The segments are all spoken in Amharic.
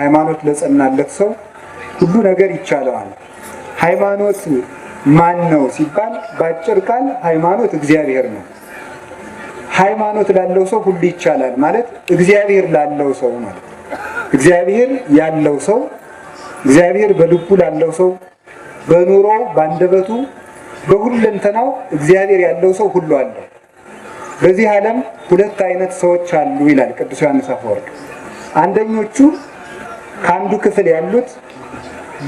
ሃይማኖት ለጸናለት ሰው ሁሉ ነገር ይቻለዋል። ሃይማኖት ማን ነው ሲባል በአጭር ቃል ሃይማኖት እግዚአብሔር ነው። ሃይማኖት ላለው ሰው ሁሉ ይቻላል ማለት እግዚአብሔር ላለው ሰው ማለት እግዚአብሔር ያለው ሰው እግዚአብሔር በልቡ ላለው ሰው በኑሮው በአንደበቱ በሁለንተናው እግዚአብሔር ያለው ሰው ሁሉ አለው። በዚህ ዓለም ሁለት አይነት ሰዎች አሉ ይላል ቅዱስ ዮሐንስ አፈወርቅ። አንደኞቹ ከአንዱ ክፍል ያሉት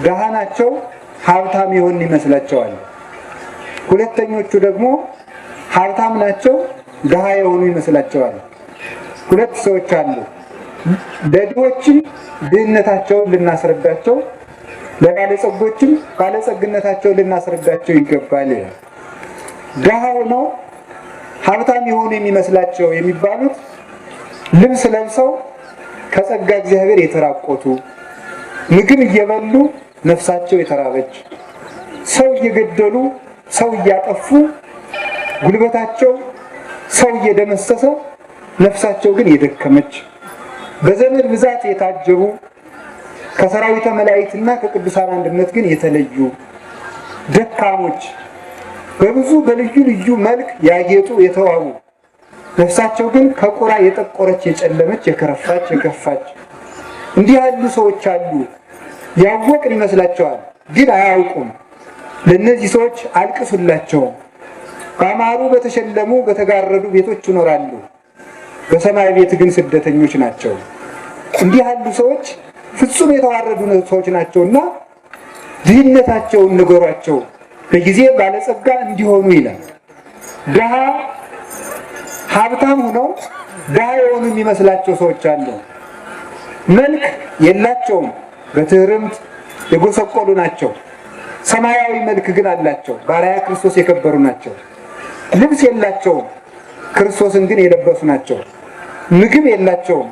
ደሃ ናቸው፣ ሀብታም የሆን ይመስላቸዋል። ሁለተኞቹ ደግሞ ሀብታም ናቸው፣ ደሃ የሆኑ ይመስላቸዋል። ሁለት ሰዎች አሉ። ለድሆችን ድህነታቸውን ልናስረዳቸው፣ ለባለጸጎችም ባለጸግነታቸውን ልናስረዳቸው ይገባል። ድሃ ሆነው ሀብታም የሆኑ የሚመስላቸው የሚባሉት ልብስ ለብሰው ከጸጋ እግዚአብሔር የተራቆቱ ምግብ እየበሉ ነፍሳቸው የተራበች ሰው እየገደሉ ሰው እያጠፉ ጉልበታቸው ሰው እየደመሰሰ ነፍሳቸው ግን የደከመች በዘመድ ብዛት የታጀቡ ከሰራዊተ መላእክትና ከቅዱሳን አንድነት ግን የተለዩ ደካሞች በብዙ በልዩ ልዩ መልክ ያጌጡ የተዋቡ ነፍሳቸው ግን ከቁራ የጠቆረች የጨለመች የከረፋች የከፋች። እንዲህ ያሉ ሰዎች አሉ። ያወቅን ይመስላቸዋል፣ ግን አያውቁም። ለእነዚህ ሰዎች አልቅሱላቸውም። በአማሩ በተሸለሙ በተጋረዱ ቤቶች ይኖራሉ፣ በሰማይ ቤት ግን ስደተኞች ናቸው። እንዲህ ያሉ ሰዎች ፍጹም የተዋረዱ ሰዎች ናቸውና ድህነታቸውን ንገሯቸው፣ በጊዜ ባለጸጋ እንዲሆኑ ይላል ድሃ ሀብታም ሆነው ድሃ የሆኑ የሚመስላቸው ሰዎች አሉ። መልክ የላቸውም፣ በትህርምት የጎሰቆሉ ናቸው። ሰማያዊ መልክ ግን አላቸው፣ ባሪያ ክርስቶስ የከበሩ ናቸው። ልብስ የላቸውም፣ ክርስቶስን ግን የለበሱ ናቸው። ምግብ የላቸውም፣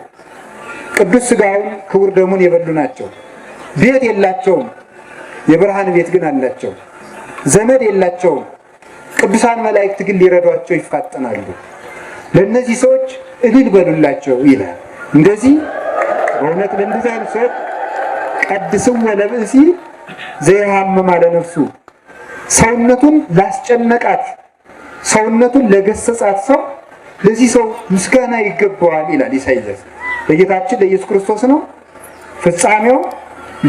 ቅዱስ ስጋውን ክቡር ደሙን የበሉ ናቸው። ቤት የላቸውም፣ የብርሃን ቤት ግን አላቸው። ዘመድ የላቸውም፣ ቅዱሳን መላእክት ግን ሊረዷቸው ይፋጠናሉ። ለእነዚህ ሰዎች እልል በሉላቸው ይላል። እንደዚህ በእውነት ለእንደዚህ አይነት ሰዎች ቀድስወ ለብእሲ ዘይሃምም አለ ሰውነቱን ላስጨነቃት ሰውነቱን ለገሰጻት ሰው ለዚህ ሰው ምስጋና ይገባዋል ይላል ኢሳይያስ። ለጌታችን ለኢየሱስ ክርስቶስ ነው ፍጻሜው።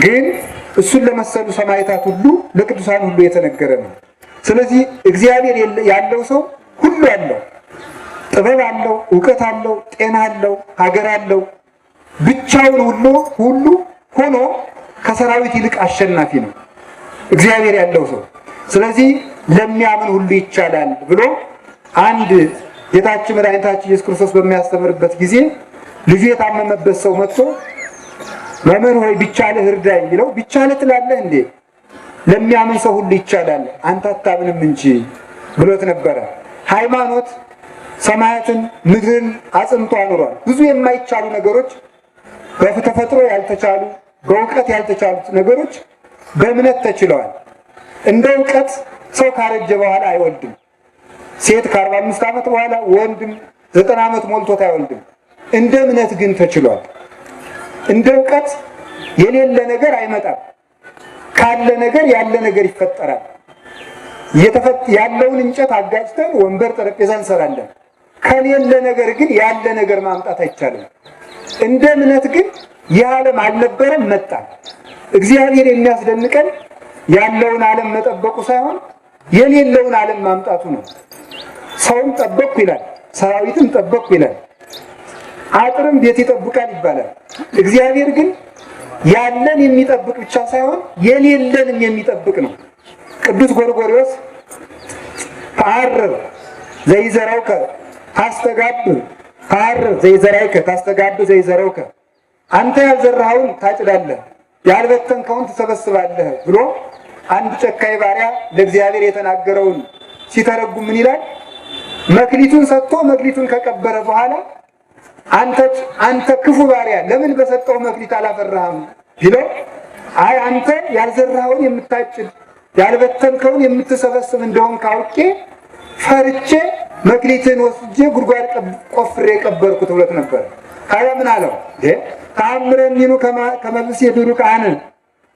ግን እሱን ለመሰሉ ሰማዕታት ሁሉ ለቅዱሳን ሁሉ የተነገረ ነው። ስለዚህ እግዚአብሔር ያለው ሰው ሁሉ አለው። ጥበብ አለው፣ እውቀት አለው፣ ጤና አለው፣ ሀገር አለው። ብቻውን ሁሉ ሁሉ ሆኖ ከሰራዊት ይልቅ አሸናፊ ነው እግዚአብሔር ያለው ሰው። ስለዚህ ለሚያምን ሁሉ ይቻላል ብሎ አንድ ጌታችን መድኃኒታችን ኢየሱስ ክርስቶስ በሚያስተምርበት ጊዜ ልጁ የታመመበት ሰው መጥቶ መምህር ሆይ ቢቻልህ እርዳኝ ቢለው ቢቻልህ ትላለህ እንዴ? ለሚያምን ሰው ሁሉ ይቻላል አንተ አታምንም እንጂ ብሎት ነበረ ሃይማኖት ሰማያትን ምድርን አጽንቶ አኑሯል። ብዙ የማይቻሉ ነገሮች በተፈጥሮ ያልተቻሉ በእውቀት ያልተቻሉት ነገሮች በእምነት ተችለዋል። እንደ እውቀት ሰው ካረጀ በኋላ አይወልድም። ሴት ከአርባ አምስት ዓመት በኋላ ወንድም ዘጠና ዓመት ሞልቶት አይወልድም። እንደ እምነት ግን ተችሏል። እንደ እውቀት የሌለ ነገር አይመጣም። ካለ ነገር ያለ ነገር ይፈጠራል። ያለውን እንጨት አጋጭተን ወንበር ጠረጴዛ እንሰራለን። ከሌለ ነገር ግን ያለ ነገር ማምጣት አይቻልም። እንደ እምነት ግን ይህ ዓለም አልነበረም፣ መጣ። እግዚአብሔር የሚያስደንቀን ያለውን ዓለም መጠበቁ ሳይሆን የሌለውን ዓለም ማምጣቱ ነው። ሰውም ጠበቅኩ ይላል፣ ሰራዊትም ጠበቅኩ ይላል፣ አጥርም ቤት ይጠብቃል ይባላል። እግዚአብሔር ግን ያለን የሚጠብቅ ብቻ ሳይሆን የሌለንም የሚጠብቅ ነው። ቅዱስ ጎርጎርዮስ ተአርር ዘይዘራውከ ታስተጋብ ፋር ዘይዘራይከ ታስተጋብ ዘይዘረውከ አንተ ያልዘራኸውን ታጭዳለህ፣ ያልበተንከውን ትሰበስባለህ ብሎ አንድ ጨካኝ ባሪያ ለእግዚአብሔር የተናገረውን ሲተረጉም ምን ይላል? መክሊቱን ሰጥቶ መክሊቱን ከቀበረ በኋላ አንተ ክፉ ባሪያ ለምን በሰጠው መክሊት አላፈራህም ቢለው፣ አይ አንተ ያልዘራኸውን የምታጭድ ያልበተንከውን የምትሰበስብ እንደሆን ካውቄ ፈርቼ መክሊትን ወስጄ ጉድጓድ ቆፍሬ የቀበርኩት ብሎት ነበር። ካህያ ምን አለው? ተአምረኒኑ ከመልስ የዱሩ ካህን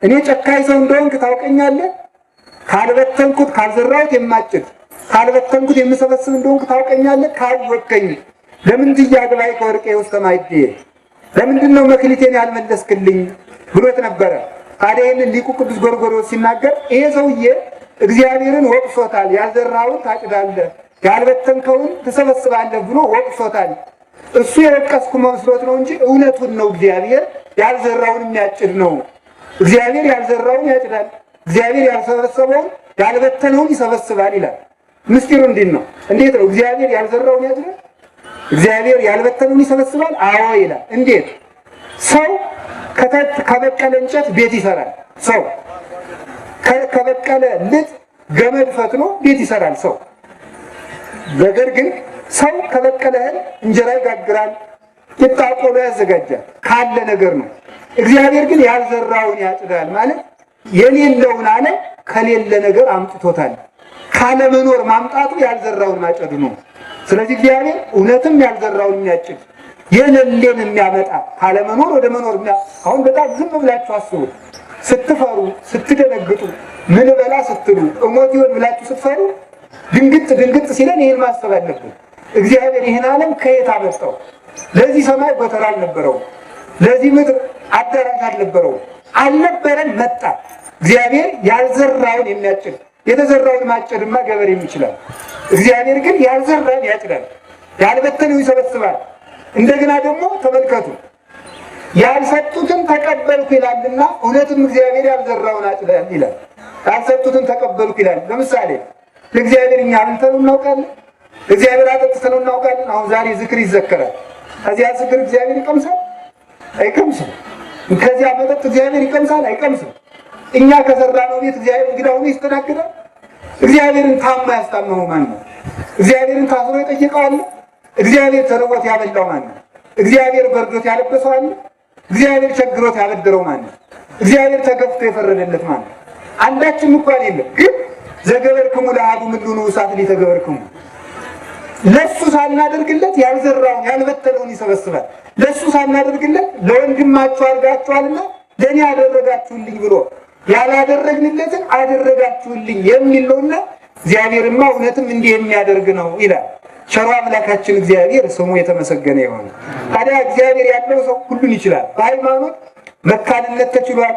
እኔ ጨካኝ ሰው እንደሆንክ ታውቀኛለህ። ካልበተንኩት ካልዘራሁት የማጭድ ካልበተንኩት የምሰበስብ እንደሆንክ ታውቀኛለህ። ካወቀኝ ለምን ትያግባይ ከወርቄ ውስጥ ተማይዴ ለምንድን ነው መክሊቴን ያልመለስክልኝ ብሎት ነበረ። ታዲያ ይህንን ሊቁ ቅዱስ ጎርጎርዮስ ሲናገር ይሄ ሰውዬ እግዚአብሔርን ወቅሶታል። ያልዘራውን ታጭዳለህ ያልበተንከውን ትሰበስባለህ ብሎ ወቅሶታል። እሱ የለቀስኩ መስሎት ነው እንጂ እውነቱን ነው። እግዚአብሔር ያልዘራውን የሚያጭድ ነው። እግዚአብሔር ያልዘራውን ያጭዳል። እግዚአብሔር ያልሰበሰበውን ያልበተነውን ይሰበስባል ይላል። ምስጢሩ እንዲን ነው። እንዴት ነው? እግዚአብሔር ያልዘራውን ያጭዳል፣ እግዚአብሔር ያልበተነውን ይሰበስባል። አዎ ይላል። እንዴት? ሰው ከበቀለ እንጨት ቤት ይሰራል። ሰው ከበቀለ ልጥ ገመድ ፈትሎ ቤት ይሰራል። ሰው ነገር ግን ሰው ከበቀለ እህል እንጀራ ይጋግራል፣ ቂጣ ቆሎ ያዘጋጃል፣ ካለ ነገር ነው። እግዚአብሔር ግን ያልዘራውን ያጭዳል ማለት የሌለውን አለ ከሌለ ነገር አምጥቶታል። ካለመኖር ማምጣቱ ያልዘራውን ማጨድ ነው። ስለዚህ እግዚአብሔር እውነትም ያልዘራውን የሚያጭድ የሌለን የሚያመጣ ካለመኖር ወደ መኖር አሁን በጣም ዝም ብላችሁ አስቡ። ስትፈሩ ስትደነግጡ ምን በላ ስትሉ እሞት ይሆን ብላችሁ ስትፈሩ ድንግጥ ድንግጥ ሲለን ይህን ማሰብ አለብን። እግዚአብሔር ይህን ዓለም ከየት አመጣው? ለዚህ ሰማይ ጎተራ አልነበረው ለዚህ ምድር አዳራሽ አልነበረው አልነበረን መጣ። እግዚአብሔር ያልዘራውን የሚያጭድ የተዘራውን ማጨድማ ገበሬ ይችላል። እግዚአብሔር ግን ያልዘራን ያጭዳል፣ ያልበተነው ይሰበስባል። እንደገና ደግሞ ተመልከቱ ያልሰጡትን ተቀበልኩ ይላልና እውነትም እግዚአብሔር ያልዘራውን አጭዳል ይላል። ያልሰጡትን ተቀበልኩ ይላል። ለምሳሌ እግዚአብሔር እኛ አንተን እናውቃለን፣ እግዚአብሔር አጠጥተን እናውቃለን። አሁን ዛሬ ዝክር ይዘከራል። ከዚያ ዝክር እግዚአብሔር ይቀምሳል አይቀምስም? ከዚያ መጠጥ እግዚአብሔር ይቀምሳል አይቀምስም? እኛ ከሰራነው ቤት እግዚአብሔር እንግዳ ሆኖ ይስተናግዳል? እግዚአብሔርን ታማ ያስታመመው ማን ነው? እግዚአብሔርን ታስሮ የጠየቀው አለ? እግዚአብሔር ተርቦት ያበላው ማን ነው? እግዚአብሔር በርዶት ያለበሰው አለ? እግዚአብሔር ቸግሮት ያበደረው ማን ነው? እግዚአብሔር ተገፍቶ የፈረደለት ማን ነው? አንዳችም እንኳን የለም ግን ዘገበርክሙ ለአሐዱ እምእሉ እሳት ሊተገበርክሙ ለሱ ሳናደርግለት ያልዘራውን ያልበተለውን ይሰበስባል። ለሱ ሳናደርግለት ለወንድማችሁ አድርጋችኋልና ለእኔ አደረጋችሁልኝ ብሎ ያላደረግንለትን አደረጋችሁልኝ የሚል ነውና እግዚአብሔርማ እውነትም እንዲህ የሚያደርግ ነው ይላል። ሸሮ አምላካችን እግዚአብሔር ስሙ የተመሰገነ ይሆን። ታዲያ እግዚአብሔር ያለው ሰው ሁሉን ይችላል። በሃይማኖት መካንነት ተችሏል።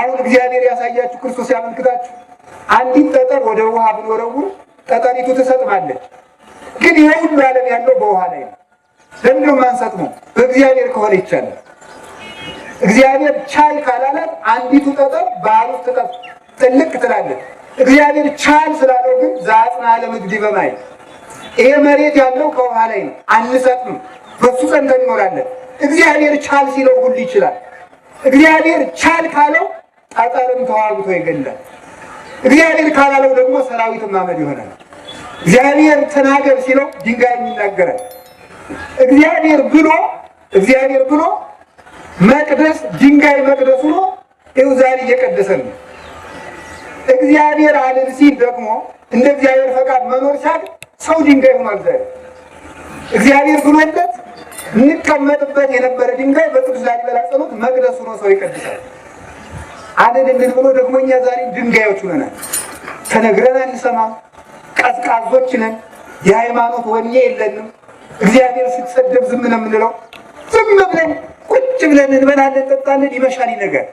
አሁን እግዚአብሔር ያሳያችሁ ክርስቶስ ያመልክታችሁ አንዲት ጠጠር ወደ ውሃ ብንወረውር ጠጠሪቱ ትሰጥማለች። ግን ይሄ ሁሉ ዓለም ያለው በውሃ ላይ ነው። ማንሰጥ ነው? በእግዚአብሔር ከሆነ ይቻላል። እግዚአብሔር ቻል ካላላት አንዲቱ ጠጠር ባህሩ ጥልቅ ትላለች። እግዚአብሔር ቻል ስላለው ግን ዛጽና ለምግድ በማይ ይሄ መሬት ያለው ከውሃ ላይ ነው፣ አንሰጥም፣ በሱ ጸንተን እንኖራለን። እግዚአብሔር ቻል ሲለው ሁሉ ይችላል። እግዚአብሔር ቻል ካለው ጠጠርም ተዋግቶ ይገላል። እግዚአብሔር ካላለው ደግሞ ሰራዊት ማመድ ይሆናል። እግዚአብሔር ተናገር ሲለው ድንጋይ የሚናገራል። እግዚአብሔር ብሎ እግዚአብሔር ብሎ መቅደስ ድንጋይ መቅደስ ሆኖ ይኸው ዛሬ እየቀደሰ ነው። እግዚአብሔር አለን ሲል ደግሞ እንደ እግዚአብሔር ፈቃድ መኖር ሲያል ሰው ድንጋይ ሆኗል። ዛሬ እግዚአብሔር ብሎለት እንቀመጥበት የነበረ ድንጋይ በቅዱስ ላሊበላ ጸሎት መቅደስ ሆኖ ሰው ይቀድሳል። አደለልን ብሎ ደግሞ እኛ ዛሬ ድንጋዮች ሆነናል። ተነግረን አንሰማም፣ ቀዝቃዞች ነን፣ የሃይማኖት ወኔ የለንም። እግዚአብሔር ስትሰደብ ዝም ነው የምንለው። ዝም ብለን ቁጭ ብለን እንበላለን፣ ጠጣለን፣ ይመሻል፣ ነገር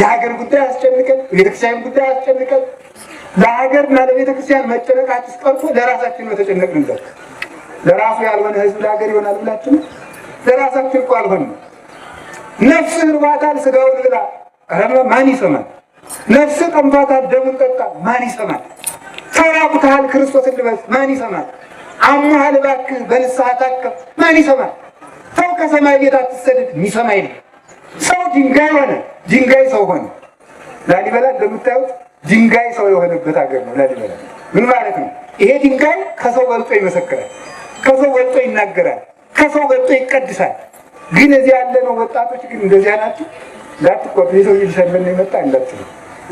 የሀገር ጉዳይ አስጨንቀን የቤተክርስቲያን ጉዳይ አስጨንቀን ለሀገርና ለቤተክርስቲያን መጨነቃችስ ቀርቶ ለራሳችን ነው ተጨነቅንበት። ለራሱ ያልሆነ ህዝብ ለሀገር ይሆናል ብላችሁ ለራሳችን እኮ አልሆንም። ነፍስ እርባታል ስጋውን ብላ ማን ይሰማል? ነፍስ ጠምቷታል፣ ደሙን ጠጣ፣ ማን ይሰማል? ተራቁተሃል፣ ክርስቶስን ልበስ፣ ማን ይሰማል? አሞሃል፣ እባክህ በንስሐ ታከም፣ ማን ይሰማል? ሰው ከሰማይ ቤት አትሰደድ፣ የሚሰማ የለም። ሰው ድንጋይ ሆነ፣ ድንጋይ ሰው ሆነ። ላሊበላ እንደምታዩት ድንጋይ ሰው የሆነበት ሀገር ነው። ላሊበላ ምን ማለት ነው? ይሄ ድንጋይ ከሰው በልጦ ይመሰክራል፣ ከሰው በልጦ ይናገራል፣ ከሰው በልጦ ይቀድሳል። ግን እዚህ ያለነው ወጣቶች ግን እንደዚያ ናቸው። እንዳትቆጡ የሰውዬ ሰልፈን ይመጣ እንዳትሉ።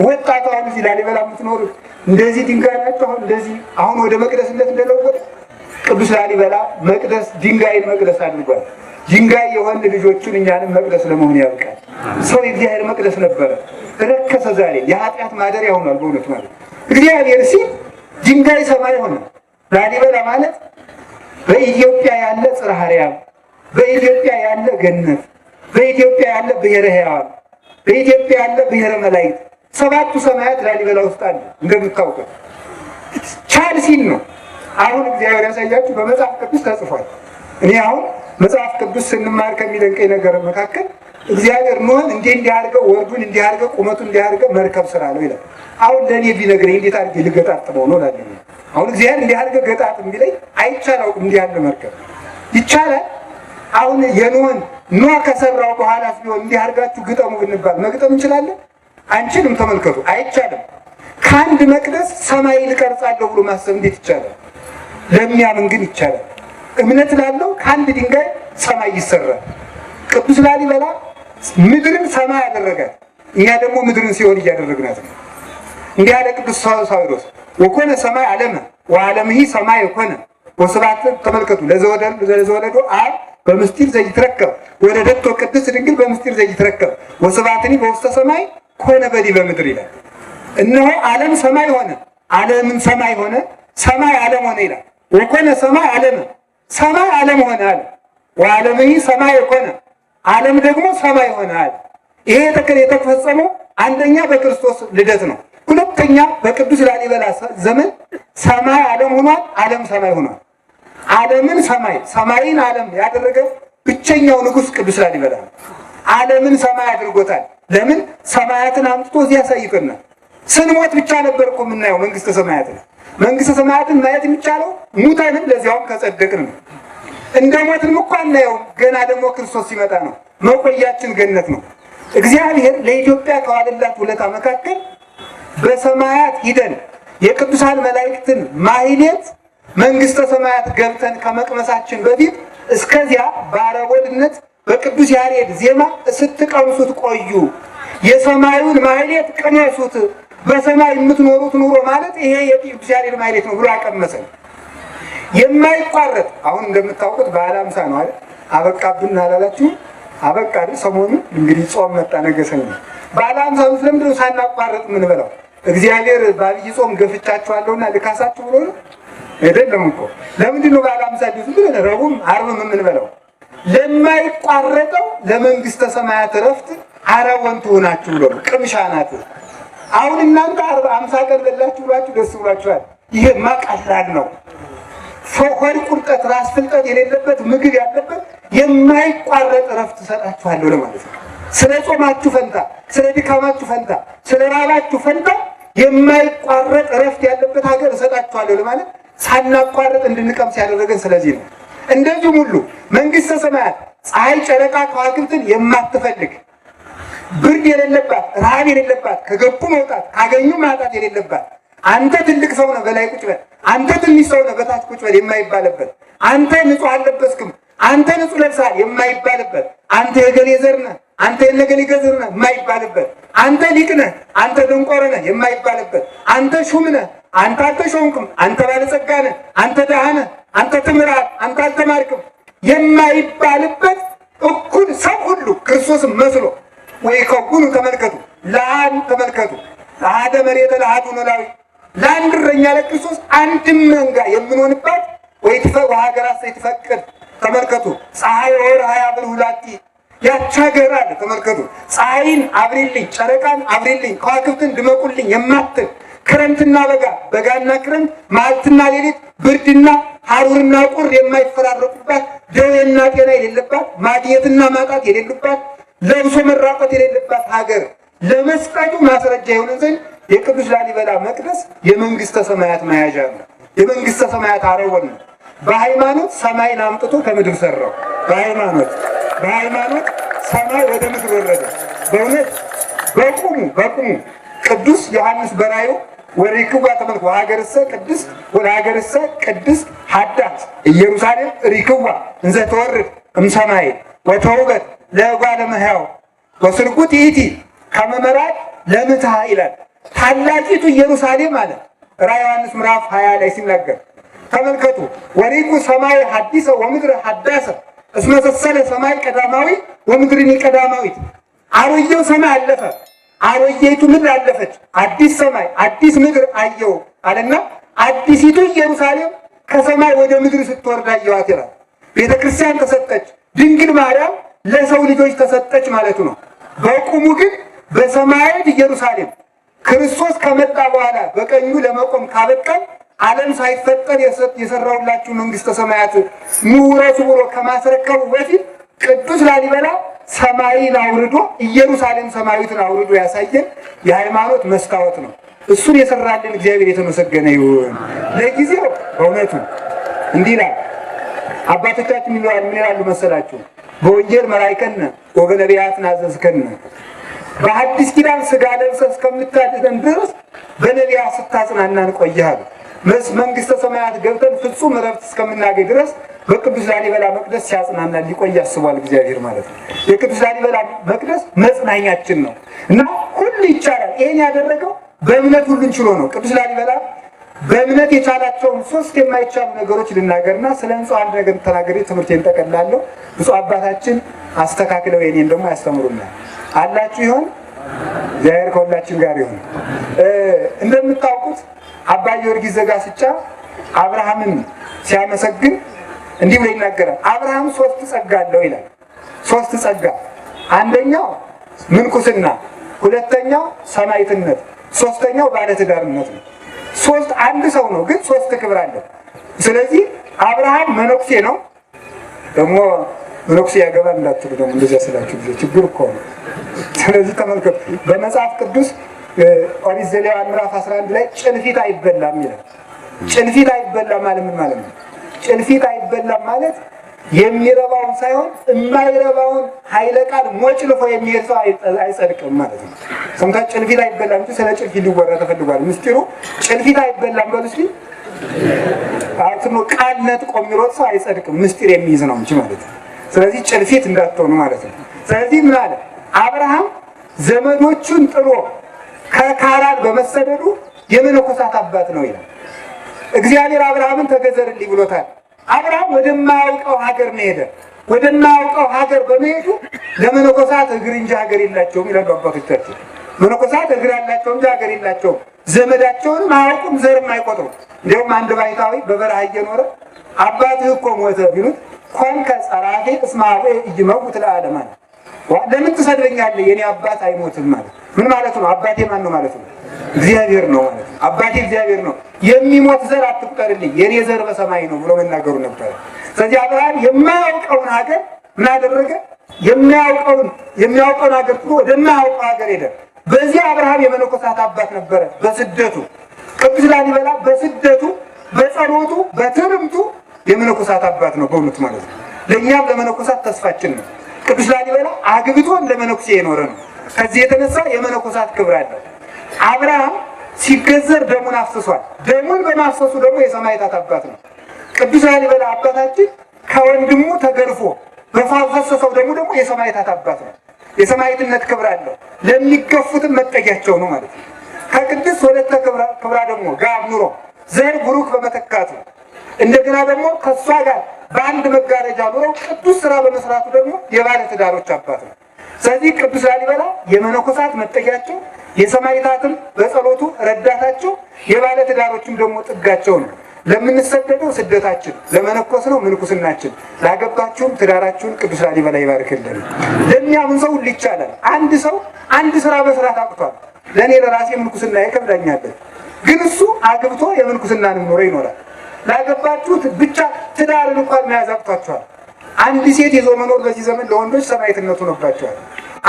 ወጣቱ አሁን እዚህ ላሊበላ የምትኖሩት እንደዚህ ድንጋይ ናቸው። አሁን እንደዚህ አሁን ወደ መቅደስነት እንደለወጠ ቅዱስ ላሊበላ መቅደስ ድንጋይን መቅደስ አድርጓል። ድንጋይ የሆን ልጆቹን እኛንም መቅደስ ለመሆን ያብቃል። ሰው የእግዚአብሔር መቅደስ ነበረ፣ ረከሰ፣ ዛሬ የኃጢአት ማደሪያ ሆኗል። በእውነት ማለት እግዚአብሔር ሲል ድንጋይ ሰማይ ሆነ። ላሊበላ ማለት በኢትዮጵያ ያለ ጽርሐ አርያም፣ በኢትዮጵያ ያለ ገነት በኢትዮጵያ ያለ ብሔረ ሕያዋን፣ በኢትዮጵያ ያለ ብሔረ መላእክት ሰባቱ ሰማያት ላሊበላ ውስጥ አለ። እንደምታውቀው ቻልሲን ነው። አሁን እግዚአብሔር ያሳያችሁ በመጽሐፍ ቅዱስ ተጽፏል። እኔ አሁን መጽሐፍ ቅዱስ ስንማር ከሚደንቀኝ ነገር መካከል እግዚአብሔር ኖህን እንዴ እንዲያርገው ወርዱን እንዲያርገው ቁመቱን እንዲያርገው መርከብ ስራ ነው ይላል። አሁን ለእኔ ቢነግረኝ እንዴት አድርጌ ልገጣጥመው ነው ላለ አሁን እግዚአብሔር እንዲያርገ ገጣጥም ቢለኝ አይቻል አውቅም። እንዲህ መርከብ ይቻላል። አሁን የኖህን ኖህ ከሰራው በኋላ ቢሆን እንዲህ አድርጋችሁ ግጠሙ ብንባል መግጠም እንችላለን? አንችልም። ተመልከቱ፣ አይቻልም። ከአንድ መቅደስ ሰማይ ልቀርጻለሁ ብሎ ማሰብ እንዴት ይቻላል? ለሚያምን ግን ይቻላል። እምነት ላለው ከአንድ ድንጋይ ሰማይ ይሰራል። ቅዱስ ላሊበላ ምድርን ሰማይ አደረጋት እኛ ደግሞ ምድርን ሲሆን እያደረግናት ነው። እንዲህ ያለ ቅዱስ ሳዊሮስ ወኮነ ሰማይ አለመ ወአለምሂ ሰማይ የኮነ ወስብሐት ተመልከቱ ለዘወለዶ አብ በምስጢር ዘይትረከብ ወለደቶ ቅድስት ድንግል በምስጢር ዘይትረከብ ወስብሐትኒ በውስተ ሰማይ ኮነ በዲ በምድር ይላል። እነሆ ዓለም ሰማይ ሆነ፣ ዓለምን ሰማይ ሆነ፣ ሰማይ ዓለም ሆነ ይላል። ወኮነ ሰማይ ዓለም ሰማይ ዓለም ሆነ አለ። ወዓለም ሰማይ ኮነ፣ ዓለም ደግሞ ሰማይ ሆነ አለ። ይሄ የተፈጸመው አንደኛ በክርስቶስ ልደት ነው። ሁለተኛ በቅዱስ ላሊበላ ዘመን ሰማይ ዓለም ሆኗል፣ ዓለም ሰማይ ሆኗል። ዓለምን ሰማይ ሰማይን ዓለም ያደረገ ብቸኛው ንጉስ ቅዱስ ላሊበላ ነው። ዓለምን ሰማይ አድርጎታል። ለምን ሰማያትን አምጥቶ እዚህ ያሳይቶናል። ስንሞት ብቻ ነበር እኮ የምናየው መንግስተ ነው። መንግስተ ሰማያትን ማየት የሚቻለው ሙታንም ለዚያውም ከጸደቅን ነው። እንደ ሞትንም እኮ አናየውም። ገና ደግሞ ክርስቶስ ሲመጣ ነው። መቆያችን ገነት ነው። እግዚአብሔር ለኢትዮጵያ ከዋለላት ውለታ መካከል በሰማያት ሂደን የቅዱሳን መላእክትን ማህሌት መንግስተ ሰማያት ገብተን ከመቅመሳችን በፊት እስከዚያ ባረወልነት በቅዱስ ያሬድ ዜማ ስትቀምሱት ቆዩ። የሰማዩን ማህሌት ቅመሱት፣ በሰማይ የምትኖሩት ኑሮ ማለት ይሄ የቅዱስ ያሬድ ማህሌት ነው ብሎ አቀመሰን። የማይቋረጥ አሁን እንደምታውቁት በዓለ ሃምሳ ነው አይደል? አበቃብን አላላችሁ? አበቃ አይደል? ሰሞኑን እንግዲህ ጾም መጣ ነገሰ ነው። በዓለ ሃምሳ ስለምንድነው ሳናቋረጥ የምንበላው? እግዚአብሔር በአብይ ጾም ገፍቻችኋለሁና ልካሳችሁ ብሎ ነው አይደለም እኮ ለምንድን ነው ባለ አምሳ ቤቱ ግን ረቡም ዓርብም የምንበላው? ለማይቋረጠው ለመንግስተ ሰማያት እረፍት አረቦን ሆናችሁ ብሎ ነው። ቅምሻ ናት። አሁን እናንተ አምሳ ቀን በላችሁ ብላችሁ ደስ ብሏችኋል። ይሄ ቀላል ነው። ሆድ ቁርጠት፣ ራስ ፍልጠት የሌለበት ምግብ ያለበት የማይቋረጥ እረፍት እሰጣችኋለሁ ለማለት ነው። ስለ ጾማችሁ ፈንታ፣ ስለ ድካማችሁ ፈንታ፣ ስለ ራባችሁ ፈንታ የማይቋረጥ እረፍት ያለበት ሀገር እሰጣችኋለሁ ለማለት ሳናቋረጥ እንድንቀምስ ያደረገን ስለዚህ ነው። እንደዚሁም ሁሉ መንግስተ ሰማያት ፀሐይ፣ ጨረቃ፣ ከዋክብትን የማትፈልግ ብርድ የሌለባት ረሃብ የሌለባት ከገቡ መውጣት ካገኙ ማጣት የሌለባት አንተ ትልቅ ሰው ነህ በላይ ቁጭ በል፣ አንተ ትንሽ ሰው ነህ በታች ቁጭ በል የማይባልበት አንተ ንጹህ አለበስክም፣ አንተ ንጹሕ ለብሰሃል የማይባልበት አንተ የገሌ ዘር ነህ፣ አንተ የነገሌ ዘር ነህ የማይባልበት አንተ ሊቅ ነህ፣ አንተ ደንቆረ ነህ የማይባልበት አንተ ሹም ነህ አንተ አልተሾምክም፣ አንተ ባለጸጋ ነህ፣ አንተ ደሃ ነህ፣ አንተ ትምህራል፣ አንተ አልተማርክም የማይባልበት እኩል ሰው ሁሉ ክርስቶስን መስሎ ወይ ከሁሉ ተመልከቱ፣ ለአን ተመልከቱ አሐደ መሬተ ለአሐዱ ኖላዊ ለአንድ እረኛ ለክርስቶስ አንድ መንጋ የምንሆንበት ወይ ትፈ ሀገር ይትፈቅድ ተመልከቱ። ፀሐይ ወርሃ ያብል ሁላቲ ያች ሀገር አለ ተመልከቱ። ፀሐይን አብሪልኝ፣ ጨረቃን አብሪልኝ፣ ከዋክብትን ድመቁልኝ የማትል ክረምትና በጋ፣ በጋና ክረምት፣ ማልትና ሌሊት፣ ብርድና ሐሩርና ቁር የማይፈራረቁባት፣ ደዌና ጤና የሌለባት፣ ማግኘትና ማጣት የሌሉባት፣ ለብሶ መራቆት የሌለባት ሀገር ለመስጠቱ ማስረጃ የሆነ ዘንድ የቅዱስ ላሊበላ መቅደስ የመንግስተ ሰማያት መያዣ ነው። የመንግስተ ሰማያት አረወን ነው። በሃይማኖት ሰማይን አምጥቶ ከምድር ሰራው። በሃይማኖት በሃይማኖት ሰማይ ወደ ምድር ወረደ። በእውነት በቁሙ በቁሙ ቅዱስ ዮሐንስ በራእዩ ወደ ወሪክዋ ተመልኩ ሀገርሰ ቅድስት ወለሀገርሰ ቅድስት ሀዳት ኢየሩሳሌም ሪክዋ እንዘ ተወርድ እምሰማይ ወተውበት ለጓለ እመሕያው ወስርቁት ይእቲ ከመ መራቅ ለምትሃ ይላል። ታላቂቱ ኢየሩሳሌም አለ ራ ዮሐንስ ምዕራፍ ሀያ ላይ ሲናገር ተመልከቱ። ወሪቁ ሰማይ ሀዲሰ ወምድር ሀዳሰ እስመሰሰለ ሰማይ ቀዳማዊ ወምድርኒ ቀዳማዊት። አሮየው ሰማይ አለፈ አሮጌይቱ ምድር አለፈች፣ አዲስ ሰማይ አዲስ ምድር አየው አለና አዲሲቱ ኢየሩሳሌም ከሰማይ ወደ ምድር ስትወርድ አየኋት ይላል። ቤተ ክርስቲያን ተሰጠች፣ ድንግል ማርያም ለሰው ልጆች ተሰጠች ማለት ነው። በቁሙ ግን በሰማያዊት ኢየሩሳሌም ክርስቶስ ከመጣ በኋላ በቀኙ ለመቆም ካበቀን ዓለም ሳይፈጠር የሰራውላችሁ መንግስተ ሰማያት ምውረቱ ብሎ ከማስረከቡ በፊት ቅዱስ ላሊበላ ሰማይን አውርዶ ኢየሩሳሌም ሰማዊትን አውርዶ ያሳየን የሃይማኖት መስታወት ነው። እሱን የሰራልን እግዚአብሔር የተመሰገነ ይሁን። ለጊዜው በእውነቱ እንዲህ ይላል አባቶቻችን ምን ይላሉ መሰላችሁ? በወንጌል መራይከነ ወበነቢያትን አዘዝከነ በአዲስ ኪዳን ስጋ ለብሰ እስከምታድነን ድረስ በነቢያ ስታጽናናን ቆይሃል። መንግስተ ሰማያት ገብተን ፍጹም እረፍት እስከምናገኝ ድረስ በቅዱስ ላሊበላ መቅደስ ሲያጽናና ሊቆይ አስቧል እግዚአብሔር ማለት ነው። የቅዱስ ላሊበላ መቅደስ መጽናኛችን ነው እና ሁሉ ይቻላል። ይህን ያደረገው በእምነት ሁሉን ችሎ ነው። ቅዱስ ላሊበላ በእምነት የቻላቸውን ሶስት የማይቻሉ ነገሮች ልናገርና ስለ ህንፃው አንድ ነገር ተናገሬ ትምህርቴን ጠቀላለሁ። ብፁዕ አባታችን አስተካክለው የኔን ደግሞ ያስተምሩናል። አላችሁ ይሆን? እግዚአብሔር ከሁላችን ጋር ይሆን። እንደምታውቁት አባ ጊዮርጊስ ዘጋስጫ አብርሃምን ሲያመሰግን እንዲህ ብሎ ይናገራል። አብርሃም ሶስት ጸጋ አለው ይላል። ሶስት ጸጋ፣ አንደኛው ምንኩስና፣ ሁለተኛው ሰማይትነት፣ ሶስተኛው ባለትዳርነት ነው። ሶስት አንድ ሰው ነው፣ ግን ሶስት ክብር አለው። ስለዚህ አብርሃም መነኩሴ ነው። ደግሞ መነኩሴ ያገባ እንዳትሉ ደግሞ እንደዚያ ስላችሁ ጊዜ ችግር እኮ ነው። ስለዚህ ተመልከቱ በመጽሐፍ ቅዱስ ኦሪት ዘሌዋውያን ምዕራፍ 11 ላይ ጭንፊት አይበላም ይላል። ጭንፊት አይበላም ማለት ምን ማለት ነው? ጭንፊት አይበላም ማለት የሚረባውን ሳይሆን የማይረባውን ኃይለ ቃል ሞጭልፎ የሚሄድ ሰው አይጸድቅም ማለት ነው። ሰምታ ጭንፊት አይበላም እንጂ ስለ ጭንፊት ሊወራ ተፈልጓል። ምስጢሩ ጭልፊት አይበላም በሉ እስኪ አትኖ ቃል ነጥቆ የሚሮጥ ሰው አይጸድቅም። ምስጢር የሚይዝ ነው እንጂ ማለት ነው። ስለዚህ ጭንፊት እንዳትሆኑ ማለት ነው። ስለዚህ ምን አለ አብርሃም ዘመዶቹን ጥሎ ከካራን በመሰደዱ የመነኮሳት አባት ነው ይላል። እግዚአብሔር አብርሃምን ተገዘርልኝ ብሎታል። አብርሃም ወደማያውቀው ሀገር ነው ሄደ። ወደማያውቀው ሀገር በመሄዱ ለመነኮሳት እግር እንጂ ሀገር የላቸውም ይላሉ አባቶቻችን። መነኮሳት እግር ያላቸው እንጂ ሀገር የላቸውም። ዘመዳቸውን አያውቁም፣ ዘርም አይቆጥሩም። እንዲሁም አንድ ባይታዊ በበረሃ እየኖረ አባትህ እኮ ሞተ ቢሉት ኮንከ ጸራፌ እስማቤ እይመውት ለዓለማን ለምን ትሰድበኛለህ? የኔ አባት አይሞትም ማለት ምን ማለት ነው? አባቴ ማን ነው ማለት ነው? እግዚአብሔር ነው ማለት ነው። አባቴ እግዚአብሔር ነው፣ የሚሞት ዘር አትቁጠርልኝ፣ የኔ ዘር በሰማይ ነው ብሎ መናገሩ ነበረ። ስለዚህ አብርሃም የማያውቀውን ሀገር ምን አደረገ? የሚያውቀውን የሚያውቀውን ሀገር ትቶ ወደማያውቀው ሀገር ሄደ። በዚህ አብርሃም የመነኮሳት አባት ነበረ። በስደቱ ቅዱስ ላሊበላ በስደቱ በጸሎቱ በትርምቱ የመነኮሳት አባት ነው በእውነት ማለት ነው። ለእኛም ለመነኮሳት ተስፋችን ነው። ቅዱስ ላሊበላ አግብቶ እንደ መነኩሴ የኖረ ነው። ከዚህ የተነሳ የመነኮሳት ክብር አለው። አብርሃም ሲገዘር ደሙን አፍስሷል። ደሙን በማፍሰሱ ደግሞ የሰማዕታት አባት ነው። ቅዱስ ላሊበላ አባታችን ከወንድሙ ተገርፎ በፋፈሰሰው ደግሞ ደግሞ የሰማዕታት አባት ነው። የሰማዕትነት ክብር አለው። ለሚገፉትም መጠጊያቸው ነው ማለት ነው። ከቅድስት ወለተ ክብራ ደግሞ ጋር ኑሮ ዘር ቡሩክ በመተካቱ እንደገና ደግሞ ከእሷ ጋር በአንድ መጋረጃ ኑሮ ቅዱስ ስራ በመስራቱ ደግሞ የባለ ትዳሮች አባት ነው። ስለዚህ ቅዱስ ላሊበላ የመነኮሳት መጠጊያቸው፣ የሰማዕታትም በጸሎቱ ረዳታቸው፣ የባለ ትዳሮችም ደግሞ ጥጋቸው ነው። ለምንሰደደው ስደታችን፣ ለመነኮስ ነው ምንኩስናችን። ላገባችሁም ትዳራችሁን ቅዱስ ላሊበላ ይባርክልን። ለሚያምን ሰው ሁሉ ይቻላል። አንድ ሰው አንድ ስራ በስራት አቅቷል። ለእኔ ለራሴ ምንኩስና ይከብዳኛለን፣ ግን እሱ አግብቶ የምንኩስናንም ኖሮ ይኖራል። ላገባችሁት ብቻ ትዳርን እንኳን መያዝ አቅቷችኋል። አንድ ሴት ይዞ መኖር በዚህ ዘመን ለወንዶች ሰማዕትነት ሆኖባቸዋል።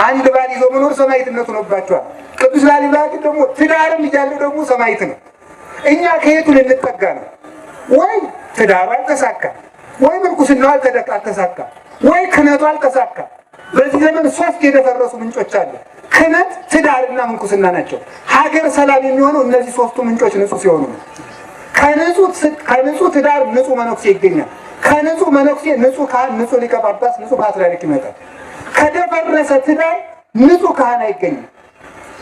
አንድ ባል ይዞ መኖር ሰማዕትነት ሆኖባቸዋል። ቅዱስ ላሊባቅ ደግሞ ትዳርም እያለው ደግሞ ሰማዕት ነው። እኛ ከየቱ ልንጠጋ ነው? ወይ ትዳሩ አልተሳካ፣ ወይ ምንኩስናው አልተሳካ፣ ወይ ክነቱ አልተሳካ። በዚህ ዘመን ሶስት የደፈረሱ ምንጮች አሉ። ክነት ትዳርና ምንኩስና ናቸው። ሀገር ሰላም የሚሆነው እነዚህ ሶስቱ ምንጮች ንጹህ ሲሆኑ ነው። ከንጹህ ትዳር ንጹህ መነኩሴ ይገኛል። ከንጹህ መነኩሴ ንጹህ ካህን፣ ንጹህ ሊቀ ጳጳስ፣ ንጹህ ፓትርያርክ ይመጣል። ከደፈረሰ ትዳር ንጹህ ካህን አይገኝም።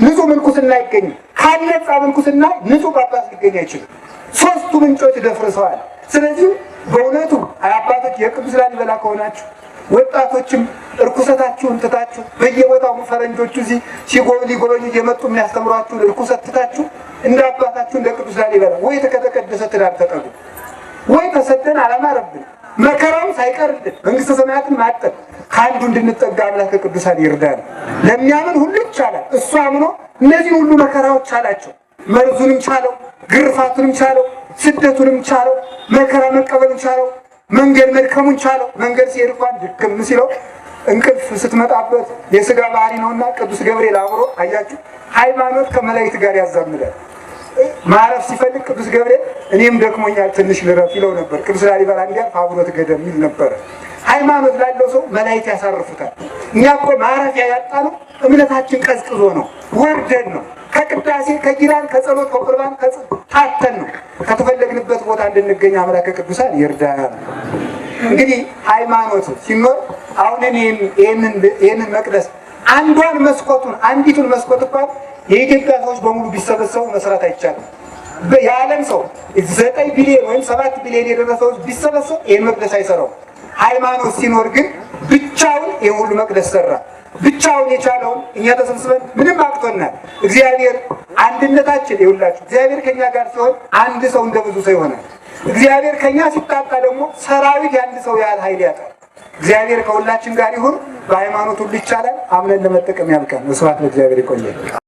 ንጹህ ምንኩስና አይገኝም። ካነጻ ምንኩስና ንጹህ ጳጳስ ሊገኝ አይችልም። ሶስቱ ምንጮች ደፍርሰዋል። ስለዚህ በእውነቱ አባቶች የቅዱስ ላሊበላ ከሆናችሁ ወጣቶችም እርኩሰታችሁን ትታችሁ በየቦታው ፈረንጆቹ እዚህ ሲጎብኝ ሊጎበኙ እየመጡ የሚያስተምሯችሁን እርኩሰት ትታችሁ እንደ አባታችሁ እንደ ቅዱስ ላሊበላ ወይ ከተቀደሰ ትዳር ተጠጉ። ወይ ተሰደን አላማ ረብን መከራው ሳይቀርልን መንግስተ ሰማያትን ማጠን ከአንዱ እንድንጠጋ አምላክ ቅዱሳን ይርዳል። ለሚያምን ሁሉ ይቻላል። እሱ አምኖ እነዚህ ሁሉ መከራዎች አላቸው። መርዙንም ቻለው፣ ግርፋቱንም ቻለው፣ ስደቱንም ቻለው፣ መከራ መቀበሉን ቻለው፣ መንገድ መድከሙን ቻለው። መንገድ ሲሄድ እንኳን ድክም ሲለው እንቅልፍ ስትመጣበት የስጋ ባህሪ ነውና ቅዱስ ገብርኤል አብሮ አያችሁ፣ ሃይማኖት ከመላእክት ጋር ያዛምዳል። ማረፍ ሲፈልግ ቅዱስ ገብርኤል እኔም ደክሞኛል ትንሽ ልረፍ ይለው ነበር። ቅዱስ ላሊበላ እንዲያል ፋቡሎት ገደም ይል ነበረ። ሃይማኖት ላለው ሰው መላእክት ያሳርፉታል። እኛ እኮ ማረፊያ ያጣነው እምነታችን ቀዝቅዞ ነው፣ ወርደን ነው፣ ከቅዳሴ ከጊራን ከጸሎት ከቁርባን ታተን ነው። ከተፈለግንበት ቦታ እንድንገኝ አምላከ ቅዱሳን ይርዳል። እንግዲህ ሃይማኖት ሲኖር አሁን ይህንን መቅደስ አንዷን መስኮቱን አንዲቱን መስኮት እኳ የኢትዮጵያ ሰዎች በሙሉ ቢሰበሰቡ መስራት አይቻልም። የዓለም ሰው ዘጠኝ ቢሊዮን ወይም ሰባት ቢሊዮን የደረሰዎች ቢሰበሰቡ ይህን መቅደስ አይሰራው። ሃይማኖት ሲኖር ግን ብቻውን ይህ ሁሉ መቅደስ ሰራ። ብቻውን የቻለውን እኛ ተሰብስበን ምንም አቅቶናል። እግዚአብሔር አንድነታችን ይሁላችሁ። እግዚአብሔር ከኛ ጋር ሲሆን አንድ ሰው እንደ ብዙ ሰው ይሆናል። እግዚአብሔር ከኛ ሲታጣ ደግሞ ሰራዊት የአንድ ሰው ያህል ኃይል ያጣል። እግዚአብሔር ከሁላችን ጋር ይሁን። በሃይማኖት ሁሉ ይቻላል። አምነን ለመጠቀም ያብቃን። መስዋዕት ለእግዚአብሔር ይቆያል።